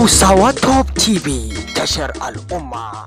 خوساوا توب تي بي تشر الأمة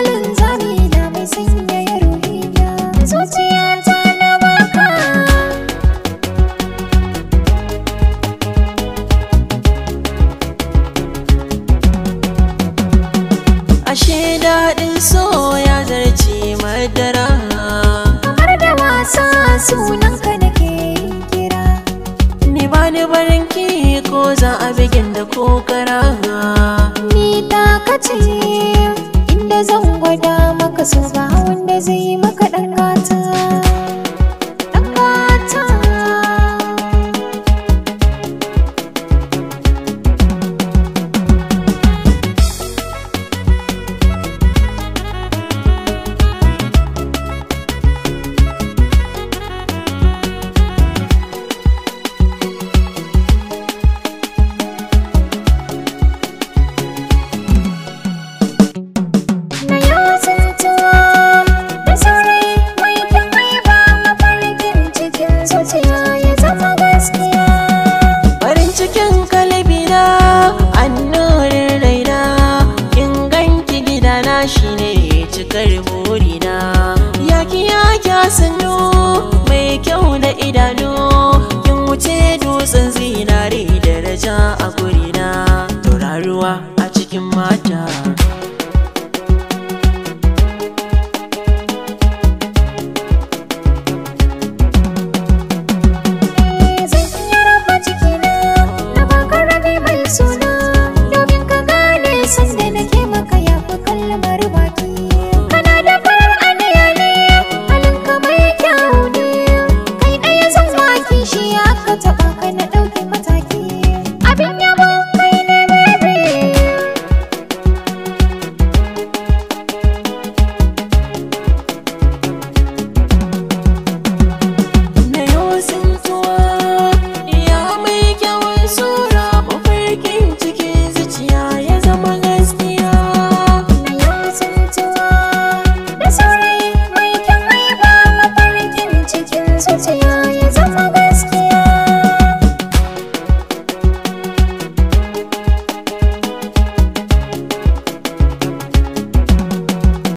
ashe daɗin so ya zarce madara kamar da wasa ka nake kira ni ba ni barin ki ko za a bigin da kokara ni ta kace inda zan gwada maka su ba wanda zai maka ɗan cikar burina yaki ya kyasin